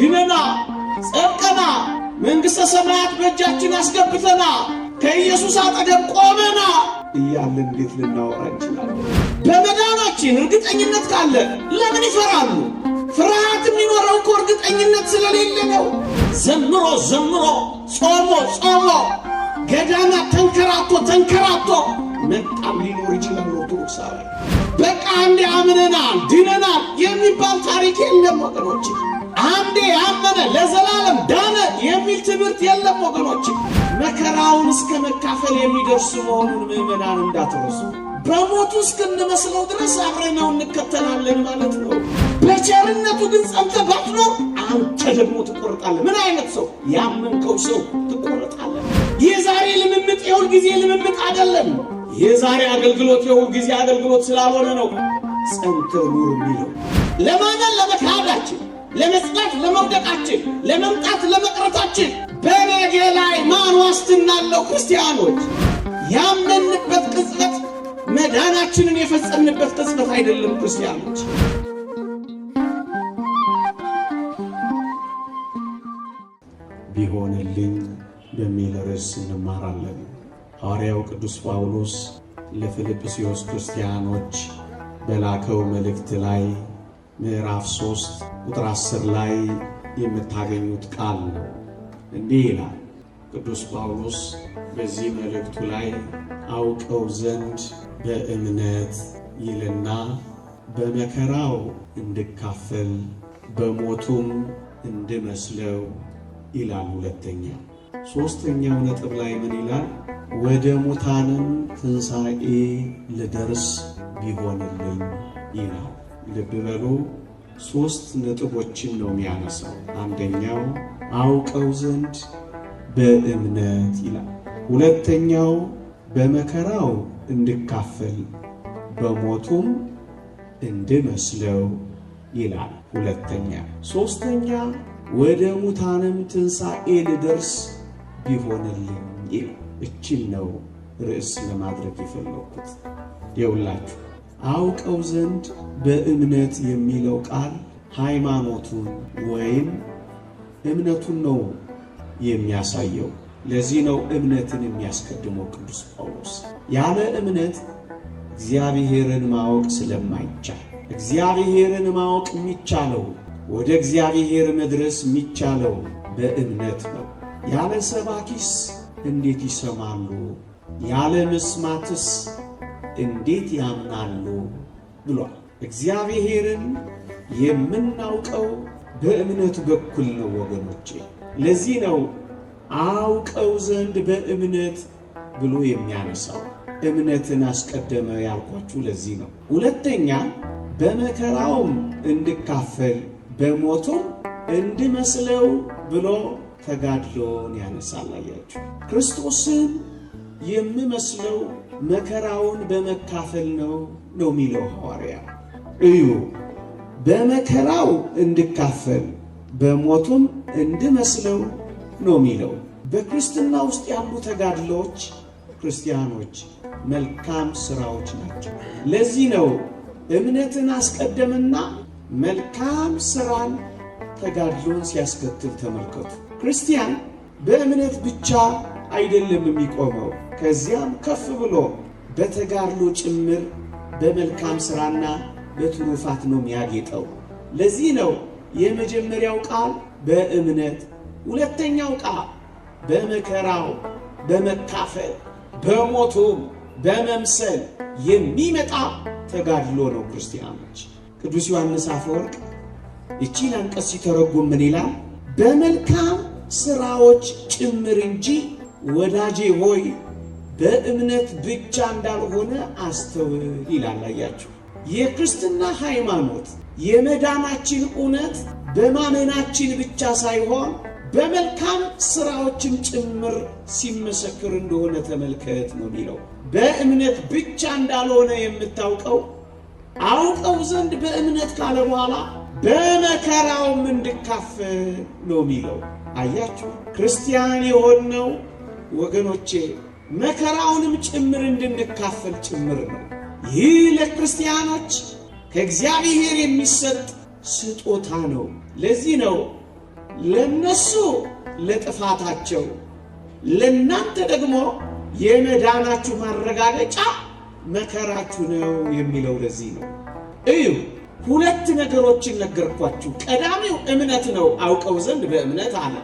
ድነና ጸድቀና መንግሥተ ሰማያት በእጃችን አስገብተና ከኢየሱስ አጠገብ ቆመና እያለ እንዴት ልናወራ እንችላለን? በመዳናችን እርግጠኝነት ካለ ለምን ይፈራሉ? ፍርሃት የሚኖረው እኮ እርግጠኝነት ስለሌለ ነው። ዘምሮ ዘምሮ ጾሞ ጾሞ ገዳና ተንከራቶ ተንከራቶ መጣም ሊኖር ይችላል። ኦርቶዶክሳዊ በቃ እንዲ አምነናል ድነናል የሚባል ታሪክ የለም ወገኖችን አንዴ ያመነ ለዘላለም ዳነ የሚል ትምህርት የለም ወገኖች። መከራውን እስከ መካፈል የሚደርሱ መሆኑን ምዕመናን እንዳትረሱ። በሞቱ እስክንመስለው ድረስ አብረናው እንከተላለን ማለት ነው። በቸርነቱ ግን ጸንተ ባትኖር አንተ ደግሞ ትቆርጣለህ። ምን አይነት ሰው ያመንከው ሰው ትቆርጣለህ። የዛሬ ልምምጥ የሁል ጊዜ ልምምጥ አይደለም። የዛሬ አገልግሎት የሁል ጊዜ አገልግሎት ስላልሆነ ነው ጸንተ ኑር የሚለው ለማመን ለመካዳችን ለመጽናት ለመውደቃችን፣ ለመምጣት ለመቅረታችን በነገ ላይ ማን ዋስትና አለው? ክርስቲያኖች ያመንበት ቅጽበት መዳናችንን የፈጸምንበት ቅጽበት አይደለም። ክርስቲያኖች ቢሆንልኝ በሚል ርዕስ እንማራለን። ሐዋርያው ቅዱስ ጳውሎስ ለፊልጵስዩስ ክርስቲያኖች በላከው መልእክት ላይ ምዕራፍ 3 ቁጥር 10 ላይ የምታገኙት ቃል ነው። እንዲህ ይላል ቅዱስ ጳውሎስ በዚህ መልእክቱ ላይ አውቀው ዘንድ በእምነት ይልና በመከራው እንድካፈል በሞቱም እንድመስለው ይላል። ሁለተኛ ሦስተኛው ነጥብ ላይ ምን ይላል? ወደ ሙታንም ትንሣኤ ልደርስ ቢሆንልኝ ይላል። ልብ በሉ ሶስት ነጥቦችን ነው የሚያነሳው። አንደኛው አውቀው ዘንድ በእምነት ይላል። ሁለተኛው በመከራው እንድካፈል በሞቱም እንድመስለው ይላል። ሁለተኛ። ሶስተኛ ወደ ሙታንም ትንሣኤ ልደርስ ቢሆንልኝ ይላል። እችን ነው ርዕስ ለማድረግ የፈለኩት የውላችሁ አውቀው ዘንድ በእምነት የሚለው ቃል ሃይማኖቱን ወይም እምነቱን ነው የሚያሳየው። ለዚህ ነው እምነትን የሚያስቀድመው ቅዱስ ጳውሎስ። ያለ እምነት እግዚአብሔርን ማወቅ ስለማይቻል፣ እግዚአብሔርን ማወቅ የሚቻለው ወደ እግዚአብሔር መድረስ የሚቻለው በእምነት ነው። ያለ ሰባኪስ እንዴት ይሰማሉ? ያለ መስማትስ እንዴት ያምናሉ ብሏል። እግዚአብሔርን የምናውቀው በእምነቱ በኩል ነው ወገኖቼ። ለዚህ ነው አውቀው ዘንድ በእምነት ብሎ የሚያነሳው። እምነትን አስቀደመ ያልኳችሁ ለዚህ ነው። ሁለተኛ በመከራውም እንድካፈል በሞቱም እንድመስለው ብሎ ተጋድሎን ያነሳል። አያችሁ ክርስቶስን የምመስለው መከራውን በመካፈል ነው ነው የሚለው ሐዋርያ። እዩ በመከራው እንድካፈል በሞቱም እንድመስለው ነው የሚለው። በክርስትና ውስጥ ያሉ ተጋድሎች ክርስቲያኖች መልካም ስራዎች ናቸው። ለዚህ ነው እምነትን አስቀደምና መልካም ስራን ተጋድሎን ሲያስከትል ተመልከቱ። ክርስቲያን በእምነት ብቻ አይደለም የሚቆመው። ከዚያም ከፍ ብሎ በተጋድሎ ጭምር በመልካም ሥራና በትሩፋት ነው የሚያጌጠው። ለዚህ ነው የመጀመሪያው ቃል በእምነት ሁለተኛው ቃል በመከራው በመካፈል በሞቱም በመምሰል የሚመጣ ተጋድሎ ነው። ክርስቲያኖች ቅዱስ ዮሐንስ አፈወርቅ እቺን አንቀጽ ሲተረጉም ምን ይላል? በመልካም ሥራዎች ጭምር እንጂ ወዳጄ ሆይ በእምነት ብቻ እንዳልሆነ አስተውል ይላል። አያችሁ፣ የክርስትና ሃይማኖት የመዳናችን እውነት በማመናችን ብቻ ሳይሆን በመልካም ስራዎችም ጭምር ሲመሰክር እንደሆነ ተመልከት ነው የሚለው። በእምነት ብቻ እንዳልሆነ የምታውቀው አውቀው ዘንድ በእምነት ካለ በኋላ በመከራውም እንድካፈል ነው የሚለው። አያችሁ ክርስቲያን የሆነው ወገኖቼ መከራውንም ጭምር እንድንካፈል ጭምር ነው። ይህ ለክርስቲያኖች ከእግዚአብሔር የሚሰጥ ስጦታ ነው። ለዚህ ነው ለነሱ ለጥፋታቸው፣ ለእናንተ ደግሞ የመዳናችሁ ማረጋገጫ መከራችሁ ነው የሚለው። ለዚህ ነው እዩ። ሁለት ነገሮችን ነገርኳችሁ። ቀዳሚው እምነት ነው፣ አውቀው ዘንድ በእምነት አለ።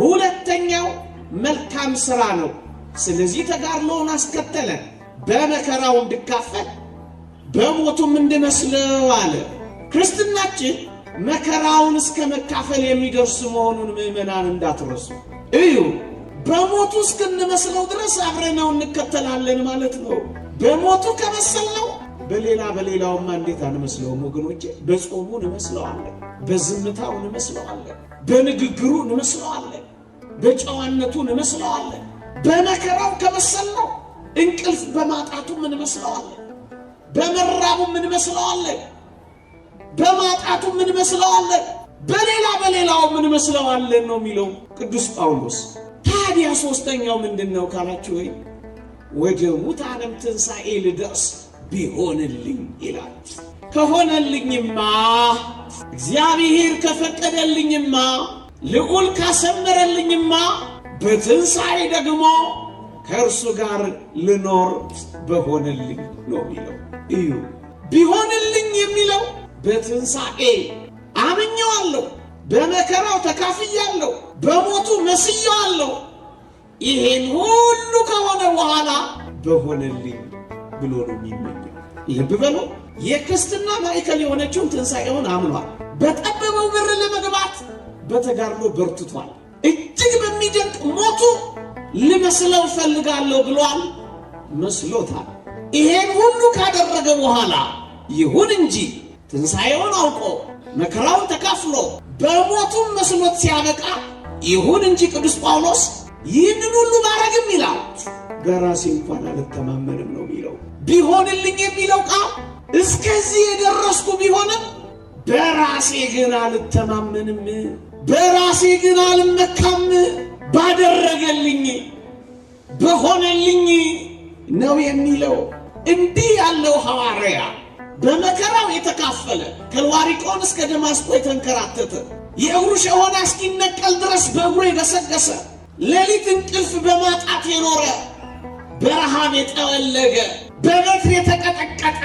ሁለተኛው መልካም ስራ ነው። ስለዚህ ተጋድሎውን አስከተለ። በመከራው እንድካፈል በሞቱም እንድመስለው አለ። ክርስትናችን መከራውን እስከ መካፈል የሚደርስ መሆኑን ምእመናን እንዳትረሱ እዩ። በሞቱ እስክንመስለው ድረስ አብረነው እንከተላለን ማለት ነው። በሞቱ ከመሰልነው በሌላ በሌላውማ እንዴት አንመስለውም ወገኖቼ? በጾሙ እንመስለዋለን፣ በዝምታው እንመስለዋለን፣ በንግግሩ እንመስለዋለን። በጨዋነቱ እንመስለዋለን። በመከራው ከመሰልነው እንቅልፍ በማጣቱ እንመስለዋለን። በመራቡ እንመስለዋለን። በማጣቱ እንመስለዋለን። በሌላ በሌላው እንመስለዋለን ነው የሚለው ቅዱስ ጳውሎስ። ታዲያ ሶስተኛው ምንድን ነው ካላችሁ ወይ ወደ ሙታንም ትንሣኤ ልደርስ ቢሆንልኝ ይላል። ከሆነልኝማ እግዚአብሔር ከፈቀደልኝማ ልዑል ካሰመረልኝማ በትንሣኤ ደግሞ ከእርሱ ጋር ልኖር በሆነልኝ ነው የሚለው። እዩ ቢሆንልኝ የሚለው በትንሣኤ አምኜዋለሁ፣ በመከራው ተካፍያለሁ፣ በሞቱ መስየዋለሁ። ይሄን ሁሉ ከሆነ በኋላ በሆነልኝ ብሎ ነው የሚመኘው። ልብ በሉ፣ የክርስትና ማዕከል የሆነችውን ትንሣኤውን አምኗል። በጠበበው በር ለመግባት በተጋድሎ በርትቷል። እጅግ በሚደንቅ ሞቱ ልመስለው ፈልጋለሁ ብሏል፣ መስሎታል። ይሄን ሁሉ ካደረገ በኋላ ይሁን እንጂ ትንሣኤውን አውቆ መከራውን ተካፍሎ በሞቱም መስሎት ሲያበቃ ይሁን እንጂ ቅዱስ ጳውሎስ ይህንን ሁሉ ባረግም ይላል በራሴ እንኳን አልተማመንም ነው የሚለው። ቢሆንልኝ የሚለው ቃል እስከዚህ የደረስኩ ቢሆንም በራሴ ግን አልተማመንም በራሴ ግን አልመካም። ባደረገልኝ በሆነልኝ ነው የሚለው። እንዲህ ያለው ሐዋርያ በመከራው የተካፈለ ከልዋሪቆን እስከ ደማስቆ የተንከራተተ የእግሩ ሸሆና እስኪነቀል ድረስ በእግሩ የገሰገሰ ሌሊት እንቅልፍ በማጣት የኖረ በረሃብ የጠወለገ በበትር የተቀጠቀጠ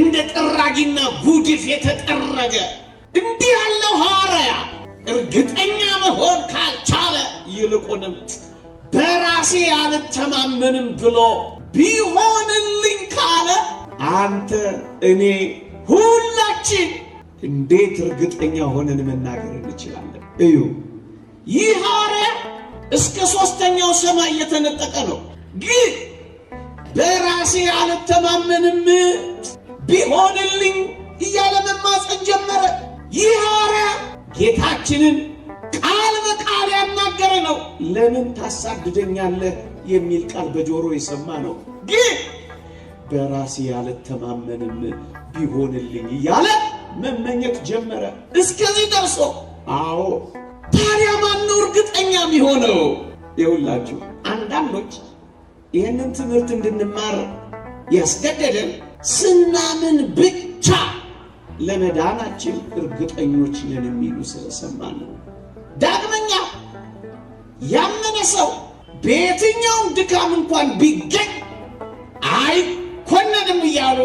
እንደ ጥራጊና ጉድፍ የተጠረገ እንዲህ ያለው ሐዋርያ እርግጠኛ መሆን ካልቻለ ይልቁንም በራሴ አልተማመንም ብሎ ቢሆንልኝ ካለ አንተ፣ እኔ፣ ሁላችን እንዴት እርግጠኛ ሆነን መናገር እንችላለን? እዩ ይህ ሐዋርያ እስከ ሦስተኛው ሰማይ እየተነጠቀ ነው። ግን በራሴ አልተማመንም ቢሆንልኝ እያለ መማፀን ጀመረ። ይህ ሐዋርያ ጌታችንን ቃል በቃል ያናገረ ነው። ለምን ታሳድደኛለህ የሚል ቃል በጆሮ የሰማ ነው። ግን በራሴ ያልተማመንም ቢሆንልኝ እያለ መመኘት ጀመረ። እስከዚህ ደርሶ አዎ። ታዲያ ማነው እርግጠኛ የሚሆነው? ይሁላችሁ አንዳንዶች ይህንን ትምህርት እንድንማር ያስገደደን ስናምን ብቻ ለመዳናችን እርግጠኞች ነን የሚሉ ስለሰማ ነው። ዳግመኛ ያመነ ሰው በየትኛውም ድካም እንኳን ቢገኝ አይኮነንም እያሉ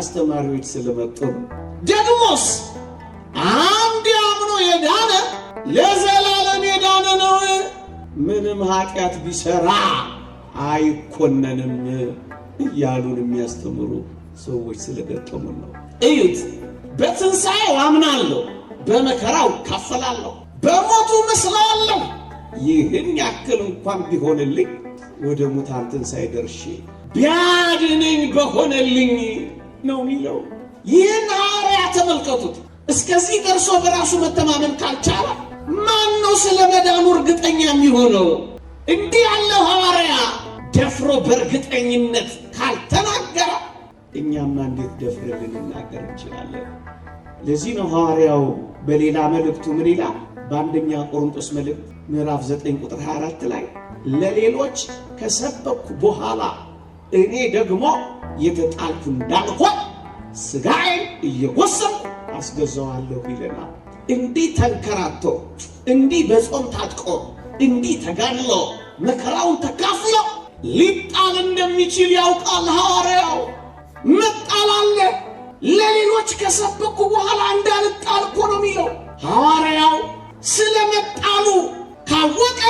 አስተማሪዎች ስለመጡ ነው። ደግሞስ አንድ ያምኖ የዳነ ለዘላለም የዳነ ነው። ምንም ኃጢአት ቢሰራ አይኮነንም እያሉን የሚያስተምሩ ሰዎች ስለገጠሙን ነው። እዩት። በትንሣኤው አምናለሁ፣ በመከራው ካፈላለሁ፣ በሞቱ መስላለሁ። ይህን ያክል እንኳን ቢሆንልኝ ወደ ሙታን ትንሣኤ ደርሼ ቢያድነኝ በሆነልኝ ነው የሚለው። ይህን ሐዋርያ ተመልከቱት። እስከዚህ ደርሶ በራሱ መተማመን ካልቻለ ማን ነው ስለ መዳኑ እርግጠኛ የሚሆነው? እንዲህ ያለው ሐዋርያ ደፍሮ በእርግጠኝነት ካልተናገረ እኛማ እንዴት ደፍረን ልንናገር እንችላለን? ለዚህ ነው ሐዋርያው በሌላ መልእክቱ ምን ይላል? በአንደኛ ቆሮንጦስ መልእክት ምዕራፍ 9 ቁጥር 24 ላይ ለሌሎች ከሰበኩ በኋላ እኔ ደግሞ የተጣልኩ እንዳልሆን ሥጋዬን እየጎሰምኩ አስገዛዋለሁ ይለና እንዲህ ተንከራቶ፣ እንዲህ በጾም ታጥቆ፣ እንዲህ ተጋድሎ መከራውን ተካፍሎ ሊጣል እንደሚችል ያውቃል ሐዋርያው። መጣላለ ለሌሎች ከሰበኩ በኋላ እንዳልጣል እኮ ነው የሚለው ሐዋርያው። ስለመጣሉ ካወቀ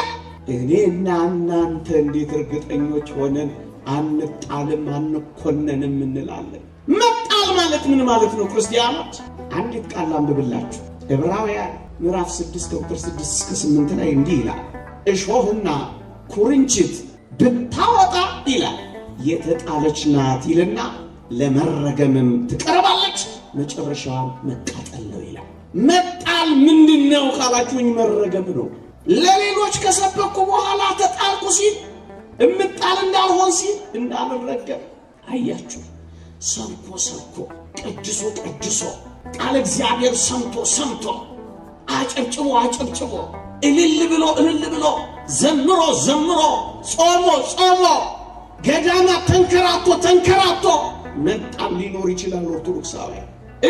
እኔ እናንተ እንዴት እርግጠኞች ሆነን አንጣልም አንኮነንም እንላለን? መጣል ማለት ምን ማለት ነው? ክርስቲያኖች አንዲት ቃል አንብብላችሁ ዕብራውያን ምዕራፍ 6 ቁጥር 6 እስከ 8 ላይ እንዲህ ይላል። እሾህና ኩርንችት ብታወጣ ይላል የተጣለች ናት ይልና ለመረገምም ትቀርባለች፣ መጨረሻዋም መቃጠል ነው ይላል። መጣል ምንድን ነው ካላችሁኝ፣ መረገም ነው። ለሌሎች ከሰበኩ በኋላ ተጣልኩ ሲል እምጣል እንዳልሆን ሲል እንዳልረገም አያችሁ። ሰምቶ ሰምቶ ቀድሶ ቀድሶ ቃል እግዚአብሔር ሰምቶ ሰምቶ አጨብጭቦ አጨብጭቦ እልል ብሎ እልል ብሎ ዘምሮ ዘምሮ ጾሞ ጾሞ ገዳማ ተንከራቶ ተንከራቶ መጣም ሊኖር ይችላል። ኦርቶዶክሳዊ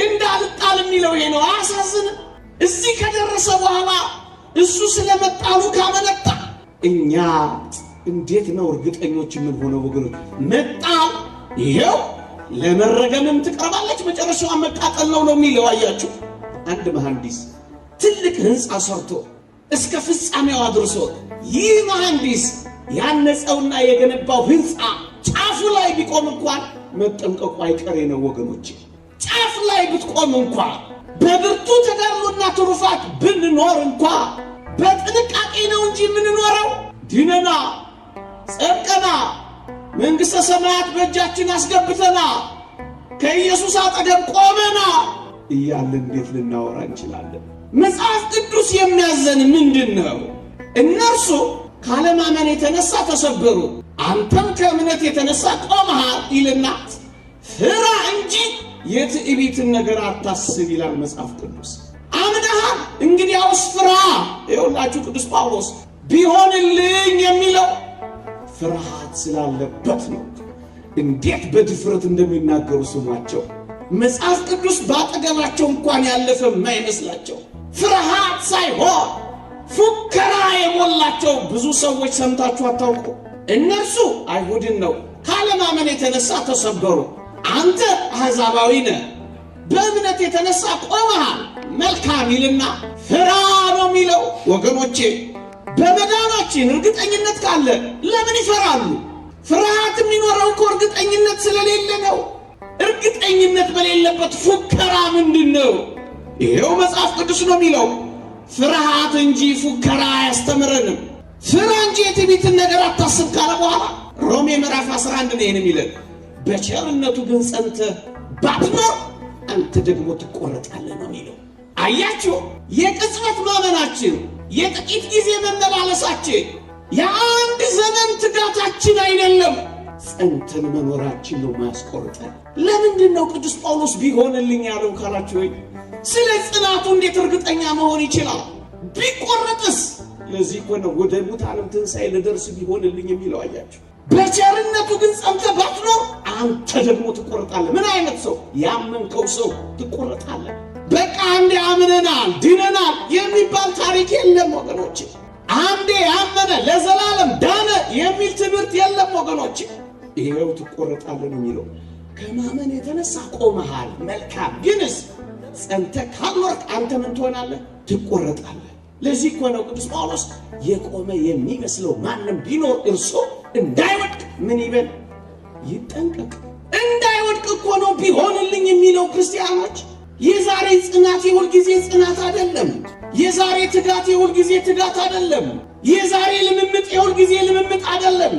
እንዳልጣል የሚለው ይሄ ነው። አያሳዝን? እዚህ ከደረሰ በኋላ እሱ ስለመጣሉ ካመነጣ እኛ እንዴት ነው እርግጠኞች የምንሆነው? ወገኖች መጣል ይሄው ለመረገምም ትቀርባለች፣ መጨረሻዋ መቃጠል ነው ነው የሚለው አያችሁ። አንድ መሐንዲስ ትልቅ ህንፃ ሰርቶ እስከ ፍጻሜው አድርሶ ይህ መሐንዲስ ያነጸውና የገነባው ህንፃ ጫፉ ላይ ቢቆም እንኳን መጠንቀቁ አይቀሬ ነው ወገኖች ጫፍ ላይ ብትቆም እንኳ በብርቱ ተጋድሎና ትሩፋት ብንኖር እንኳ በጥንቃቄ ነው እንጂ የምንኖረው። ድነና ጸድቀና መንግሥተ ሰማያት በእጃችን አስገብተና ከኢየሱስ አጠገብ ቆመና እያለ እንዴት ልናወራ እንችላለን? መጽሐፍ ቅዱስ የሚያዘን ምንድን ነው? እነርሱ ካለማመን የተነሳ ተሰበሩ። አንተም ከእምነት የተነሳ ቆመሃል ይልና ፍራ እንጂ የትዕቢትን ነገር አታስብ ይላል መጽሐፍ ቅዱስ። አምነሃል እንግዲያውስ ፍራ። ይኸውላችሁ ቅዱስ ጳውሎስ ቢሆንልኝ የሚለው ፍርሃት ስላለበት ነው። እንዴት በድፍረት እንደሚናገሩ ስሟቸው። መጽሐፍ ቅዱስ በአጠገባቸው እንኳን ያለፈ የማይመስላቸው ፍርሃት ሳይሆን ፉከራ የሞላቸው ብዙ ሰዎች ሰምታችሁ አታውቁ። እነርሱ አይሁድን ነው ካለማመን የተነሳ ተሰበሩ። አንተ አሕዛባዊ ነህ፣ በእምነት የተነሳ ቆመሃል፣ መልካም ይልና ፍራ ነው የሚለው። ወገኖቼ በመዳናችን እርግጠኝነት ካለ ለምን ይፈራሉ? ፍርሃት የሚኖረው እኮ እርግጠኝነት ስለሌለ ነው። እርግጠኝነት በሌለበት ፉከራ ምንድን ነው? ይሄው መጽሐፍ ቅዱስ ነው የሚለው ፍርሃት እንጂ ፉከራ አያስተምረንም። ፍራ እንጂ የትዕቢትን ነገር አታስብ ካለ በኋላ ሮሜ ምዕራፍ 11 ነው ይህን የሚለን። በቸርነቱ ግን ጸንተህ ባትኖር አንተ ደግሞ ትቆረጣለህ ነው የሚለው። አያችሁ፣ የቅጽበት ማመናችን፣ የጥቂት ጊዜ መመላለሳችን፣ የአንድ ዘመን ትጋታችን አይደለም። ጸንተን መኖራችን ነው ማያስቆርጠን። ለምንድን ነው ቅዱስ ጳውሎስ ቢሆንልኝ ያለው ካላችሁ ወይ ስለ ጽናቱ እንዴት እርግጠኛ መሆን ይችላል? ቢቆረጥስ? ለዚህ እኮ ነው ወደ ሙታንም ትንሣኤ ልደርስ ቢሆንልኝ የሚለው አያቸው። በቸርነቱ ግን ጸንተህ ባትኖር አንተ ደግሞ ትቆረጣለህ። ምን አይነት ሰው? ያመንከው ሰው ትቆረጣለ በቃ አንዴ አምነናል ድነናል የሚባል ታሪክ የለም ወገኖች አንዴ ያመነ ለዘላለም ዳነ የሚል ትምህርት የለም ወገኖች ይኸው ትቆረጣለህ የሚለው። ከማመን የተነሳ ቆመሃል። መልካም ግንስ ጸንተ ካልኖርክ አንተ ምን ትሆናለህ? ትቆረጣለህ። ለዚህ እኮ ነው ቅዱስ ጳውሎስ የቆመ የሚመስለው ማንም ቢኖር እርሱ እንዳይወድቅ ምን ይበል? ይጠንቀቅ። እንዳይወድቅ እኮ ነው ቢሆንልኝ የሚለው ክርስቲያኖች። የዛሬ ጽናት የሁል ጊዜ ጽናት አይደለም። የዛሬ ትጋት የሁል ጊዜ ትጋት አይደለም። የዛሬ ልምምጥ የሁል ጊዜ ልምምጥ አይደለም።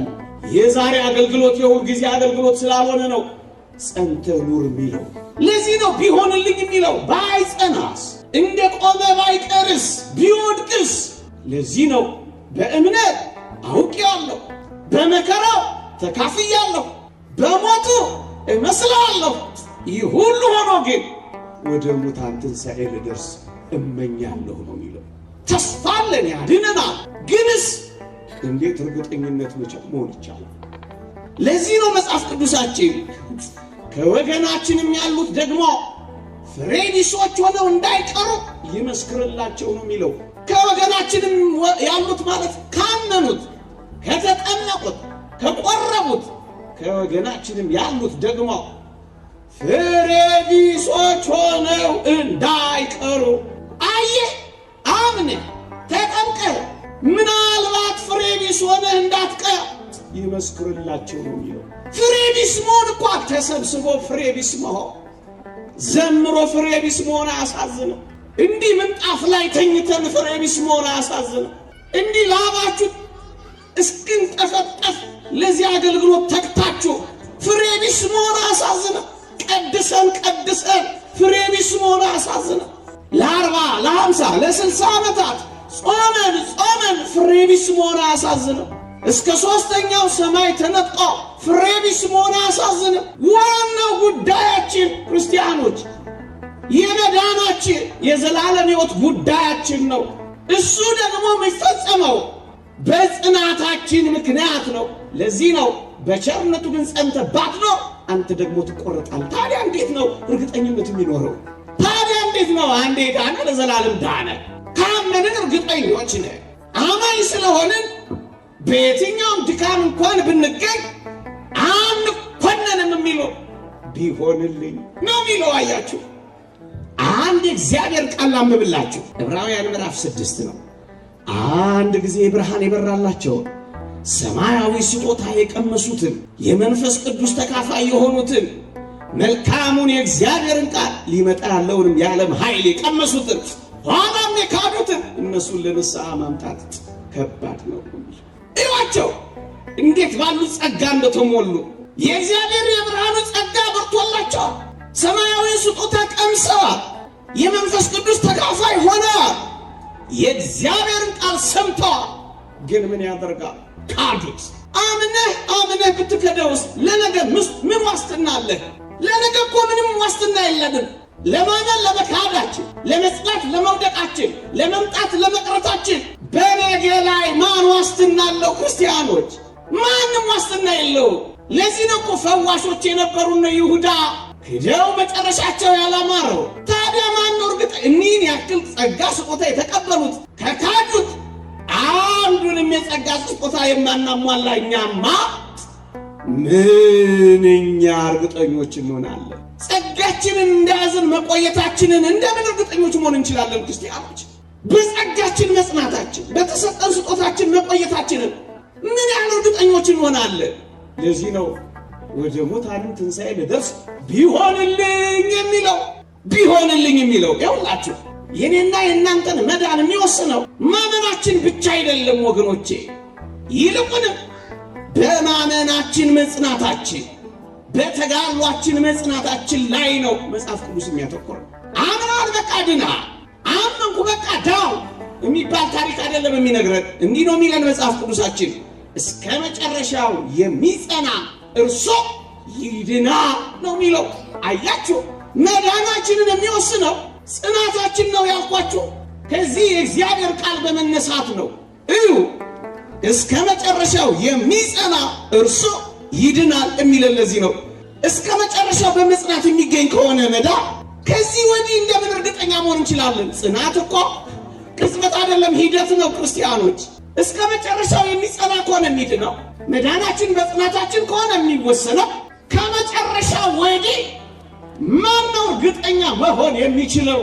የዛሬ አገልግሎት የሁል ጊዜ አገልግሎት ስላልሆነ ነው ጸንተህ ኑር የሚለው ለዚህ ነው። ቢሆንልኝ የሚለው ባይጸናስ፣ እንደ ቆመ ባይቀርስ፣ ቢወድቅስ። ለዚህ ነው በእምነት አውቄዋለሁ፣ በመከራ ተካፍያለሁ፣ በሞቱ እመስላለሁ። ይህ ሁሉ ሆኖ ግን ወደ ሙታን ትንሣኤ ልደርስ እመኛለሁ ነው የሚለው። ተስፋ አለን፣ ያድነናል። ግንስ እንዴት እርግጠኝነት መቼ መሆን ይቻላል? ለዚህ ነው መጽሐፍ ቅዱሳችን ከወገናችንም ያሉት ደግሞ ፍሬዲሶች ሆነው እንዳይቀሩ ይመስክርላቸው ነው የሚለው። ከወገናችንም ያሉት ማለት ካመኑት፣ ከተጠመቁት፣ ከቆረቡት ከወገናችንም ያሉት ደግሞ ፍሬዲሶች ሆነው እንዳይቀሩ። አየህ፣ አምነህ ተጠምቀህ ምን ይመስክርላቸው ነው የሚለው። ፍሬ ቢስ መሆን እኳ ተሰብስቦ ፍሬ ቢስ መሆን ዘምሮ ፍሬ ቢስ መሆን አያሳዝንም? እንዲህ ምንጣፍ ላይ ተኝተን ፍሬ ቢስ መሆን አያሳዝንም? እንዲህ ላባችሁ እስክንጠፈጠፍ ለዚህ አገልግሎት ተግታችሁ ፍሬ ቢስ መሆን አያሳዝንም? ቀድሰን ቀድሰን ፍሬ ቢስ መሆን አያሳዝንም? ለአርባ ለሃምሳ ለስልሳ ዓመታት ጾመን ጾመን ፍሬ ቢስ መሆን አያሳዝንም? እስከ ሶስተኛው ሰማይ ተነጥቆ ፍሬ ቢስ መሆን አያሳዝንም? ዋናው ጉዳያችን ክርስቲያኖች የመዳናችን የዘላለም ሕይወት ጉዳያችን ነው። እሱ ደግሞ የሚፈጸመው በጽናታችን ምክንያት ነው። ለዚህ ነው በቸርነቱ ግን ጸንተህ ባትኖር አንተ ደግሞ ትቆረጣል። ታዲያ እንዴት ነው እርግጠኝነት የሚኖረው? ታዲያ እንዴት ነው አንዴ ዳነ ለዘላለም ዳነ? ካመንን እርግጠኞች ነ አማኝ ስለሆንን በየትኛውም ድካም እንኳን ብንገኝ አንኮነንም የሚለው ቢሆንልኝ ነው የሚለው። አያችሁ፣ አንድ እግዚአብሔር ቃል ላንብብላችሁ። ዕብራውያን ምዕራፍ ስድስት ነው። አንድ ጊዜ ብርሃን የበራላቸውን ሰማያዊ ስጦታ የቀመሱትን የመንፈስ ቅዱስ ተካፋይ የሆኑትን መልካሙን የእግዚአብሔርን ቃል ሊመጣ ያለውንም የዓለም ኃይል የቀመሱትን ኋላም የካዱትን እነሱን ለንስሐ ማምጣት ከባድ ነው። እዩዋቸው እንዴት ባሉ ጸጋ እንደተሞሉ የእግዚአብሔር የብርሃኑ ጸጋ በርቶላቸዋል። ሰማያዊ ስጦታ ቀምሰዋል። የመንፈስ ቅዱስ ተካፋይ ሆነዋል። የእግዚአብሔርን ቃል ሰምተዋል። ግን ምን ያደርጋል? ካዱት። አምነህ አምነህ ብትከደውስ ለነገ ምን ዋስትና አለህ? ለነገ እኮ ምንም ዋስትና የለንም። ለማመን ለመካዳችን፣ ለመጽናት ለመውደቃችን፣ ለመምጣት ለመቅረታችን በበጌ ላይ ማን ዋስትና አለው? ክርስቲያኖች ማንም ዋስትና የለው? ለዚህ ነው እኮ ፈዋሾች የነበሩ ይሁዳ ክደው መጨረሻቸው ያላማረው። ታዲያ ማን ነው እርግጥ እኒህን ያክል ጸጋ ስጦታ የተቀበሉት ከካዱት አንዱንም የጸጋ ስጦታ የማናሟላ እኛማ ምንኛ እርግጠኞች እንሆናለን? ጸጋችንን እንደያዝን መቆየታችንን እንደምን እርግጠኞች መሆን እንችላለን ክርስቲያኖች? በጸጋችን መጽናታችን በተሰጠን ስጦታችን መቆየታችንን ምን ያህል እርግጠኞች እንሆናለን? ለዚህ ነው ወደ ሙታንም ትንሣኤ ልደርስ ቢሆንልኝ የሚለው ቢሆንልኝ የሚለው ይውላችሁ የኔና የእናንተን መዳን የሚወስነው ማመናችን ብቻ አይደለም ወገኖቼ፣ ይልቁንም በማመናችን መጽናታችን፣ በተጋሏችን መጽናታችን ላይ ነው መጽሐፍ ቅዱስ የሚያተኩረው። አምናል በቃ ድና አመንኩ በቃ ዳው የሚባል ታሪክ አይደለም የሚነግረን። እንዲህ ነው የሚለን መጽሐፍ ቅዱሳችን፣ እስከ መጨረሻው የሚጸና እርሶ ይድና ነው የሚለው። አያችሁ መዳናችንን የሚወስነው ጽናታችን ነው ያልኳችሁ፣ ከዚህ የእግዚአብሔር ቃል በመነሳት ነው። እዩ እስከ መጨረሻው የሚጸና እርሶ ይድናል የሚለን ለዚህ ነው። እስከ መጨረሻው በመጽናት የሚገኝ ከሆነ መዳ ከዚህ ወዲህ እርግጠኛ መሆን እንችላለን። ጽናት እኮ ቅጽበት አይደለም፣ ሂደት ነው። ክርስቲያኖች እስከ መጨረሻው የሚጸና ከሆነ የሚድ ነው። መዳናችን በጽናታችን ከሆነ የሚወሰነው ከመጨረሻ ወዲህ ማን ነው እርግጠኛ መሆን የሚችለው?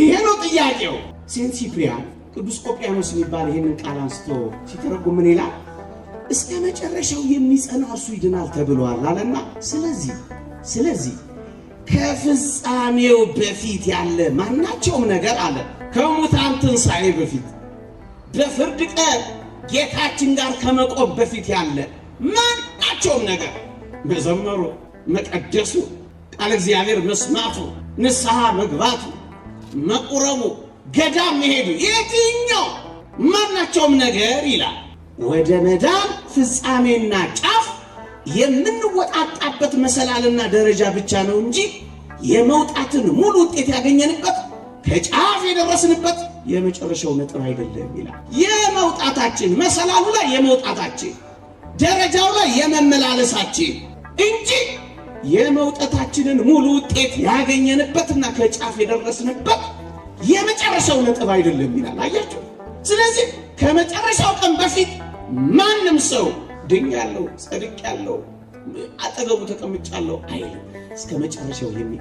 ይሄ ነው ጥያቄው። ሴንት ሲፕሪያን ቅዱስ ቆጵያኖስ የሚባል ይህንን ቃል አንስቶ ሲተረጉም ምን ይላል? እስከ መጨረሻው የሚጸና እርሱ ይድናል ተብሏል አለና ስለዚህ ስለዚህ ከፍጻሜው በፊት ያለ ማናቸውም ነገር አለ ከሙታን ትንሣኤ በፊት በፍርድ ቀን ጌታችን ጋር ከመቆም በፊት ያለ ማናቸውም ነገር መዘመሩ፣ መቀደሱ፣ ቃል እግዚአብሔር መስማቱ፣ ንስሐ መግባቱ፣ መቁረቡ፣ ገዳም መሄዱ፣ የትኛው ማናቸውም ነገር ይላል ወደ መዳን ፍጻሜና ጫፍ የምንወጣጣበት መሰላልና ደረጃ ብቻ ነው እንጂ የመውጣትን ሙሉ ውጤት ያገኘንበት ከጫፍ የደረስንበት የመጨረሻው ነጥብ አይደለም ይላል። የመውጣታችን መሰላሉ ላይ የመውጣታችን ደረጃው ላይ የመመላለሳችን እንጂ የመውጣታችንን ሙሉ ውጤት ያገኘንበትና ከጫፍ የደረስንበት የመጨረሻው ነጥብ አይደለም ይላል። አያችሁ። ስለዚህ ከመጨረሻው ቀን በፊት ማንም ሰው ድኛለሁ፣ ጸድቄያለሁ፣ አጠገቡ ተቀምጫለሁ አይልም። እስከ መጨረሻው የሚ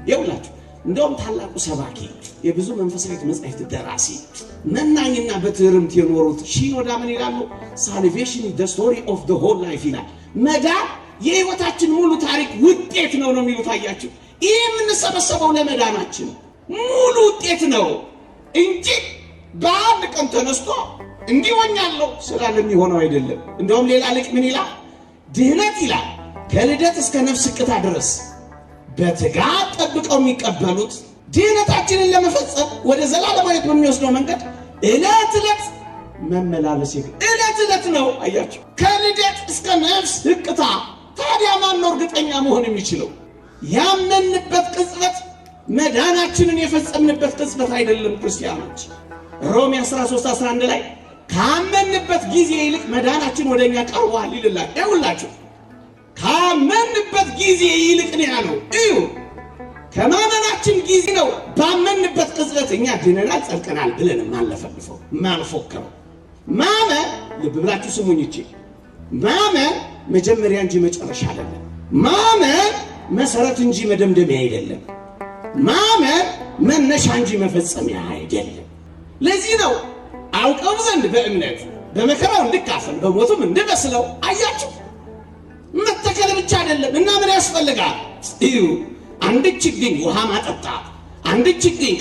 እንደውም ታላቁ ሰባኪ የብዙ መንፈሳዊት መጻሕፍት ደራሲ መናኝና በትርምት የኖሩት ሺኖዳ ምን ይላሉ? ሳልቬሽን ዘ ስቶሪ ኦፍ ዘ ሆል ላይፍ ይላል። መዳን የህይወታችን ሙሉ ታሪክ ውጤት ነው ነው የሚሉት አያችሁ። ይህ የምንሰበሰበው ለመዳናችን ሙሉ ውጤት ነው እንጂ በአንድ ቀን ተነስቶ እንዲሆኛለሁ ስላለ የሚሆነው አይደለም። እንደውም ሌላ ልቅ ምን ይላል? ድህነት ይላል ከልደት እስከ ነፍስ ቅታ ድረስ በትጋት ጠብቀው የሚቀበሉት ድህነታችንን ለመፈጸም ወደ ዘላለማዊነት በሚወስደው መንገድ እለት እለት መመላለስ ይ እለት እለት ነው። አያቸው ከልደት እስከ ነፍስ ህቅታ። ታዲያ ማነው እርግጠኛ መሆን የሚችለው? ያመንበት ቅጽበት መዳናችንን የፈጸምንበት ቅጽበት አይደለም ክርስቲያኖች። ሮሜ 13 11 ላይ ካመንበት ጊዜ ይልቅ መዳናችን ወደ እኛ ቀርቧል ይልላል። ይውላችሁ ካመንበት ጊዜ ይልቅ ነው ያለው። እዩ ከማመናችን ጊዜ ነው። ባመንበት ቅጽበት እኛ ድነናል፣ ጸድቀናል ብለን ማለፈልፈው ማንፎክረው ማመን ልብ ብላችሁ ስሙኝ። እቺ ማመን መጀመሪያ እንጂ መጨረሻ አይደለም። ማመን መሰረት እንጂ መደምደሚያ አይደለም። ማመን መነሻ እንጂ መፈጸሚያ አይደለም። ለዚህ ነው አውቀው ዘንድ በእምነት በመከራው እንድካፈል በሞቱም እንድመስለው። አያችሁ መተከል ብቻ አይደለም እና ምን ያስፈልጋል? እዩ አንድ ችግኝ ውሃ ማጠጣት፣ አንድ ችግኝ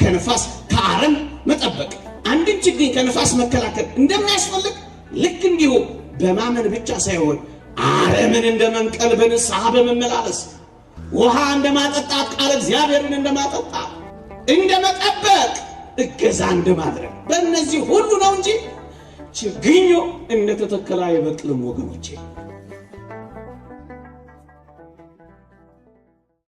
ከንፋስ ከአረም መጠበቅ፣ አንድን ችግኝ ከንፋስ መከላከል እንደሚያስፈልግ ልክ እንዲሁ በማመን ብቻ ሳይሆን አረምን እንደመንቀል መንቀል በንስሐ በመመላለስ ውሃ እንደማጠጣት ቃል እግዚአብሔርን እንደማጠጣት እንደመጠበቅ። እገዛ እንደማድረግ በእነዚህ ሁሉ ነው እንጂ ችግኙ እንደተተከለ አይበቅልም ወገኖቼ።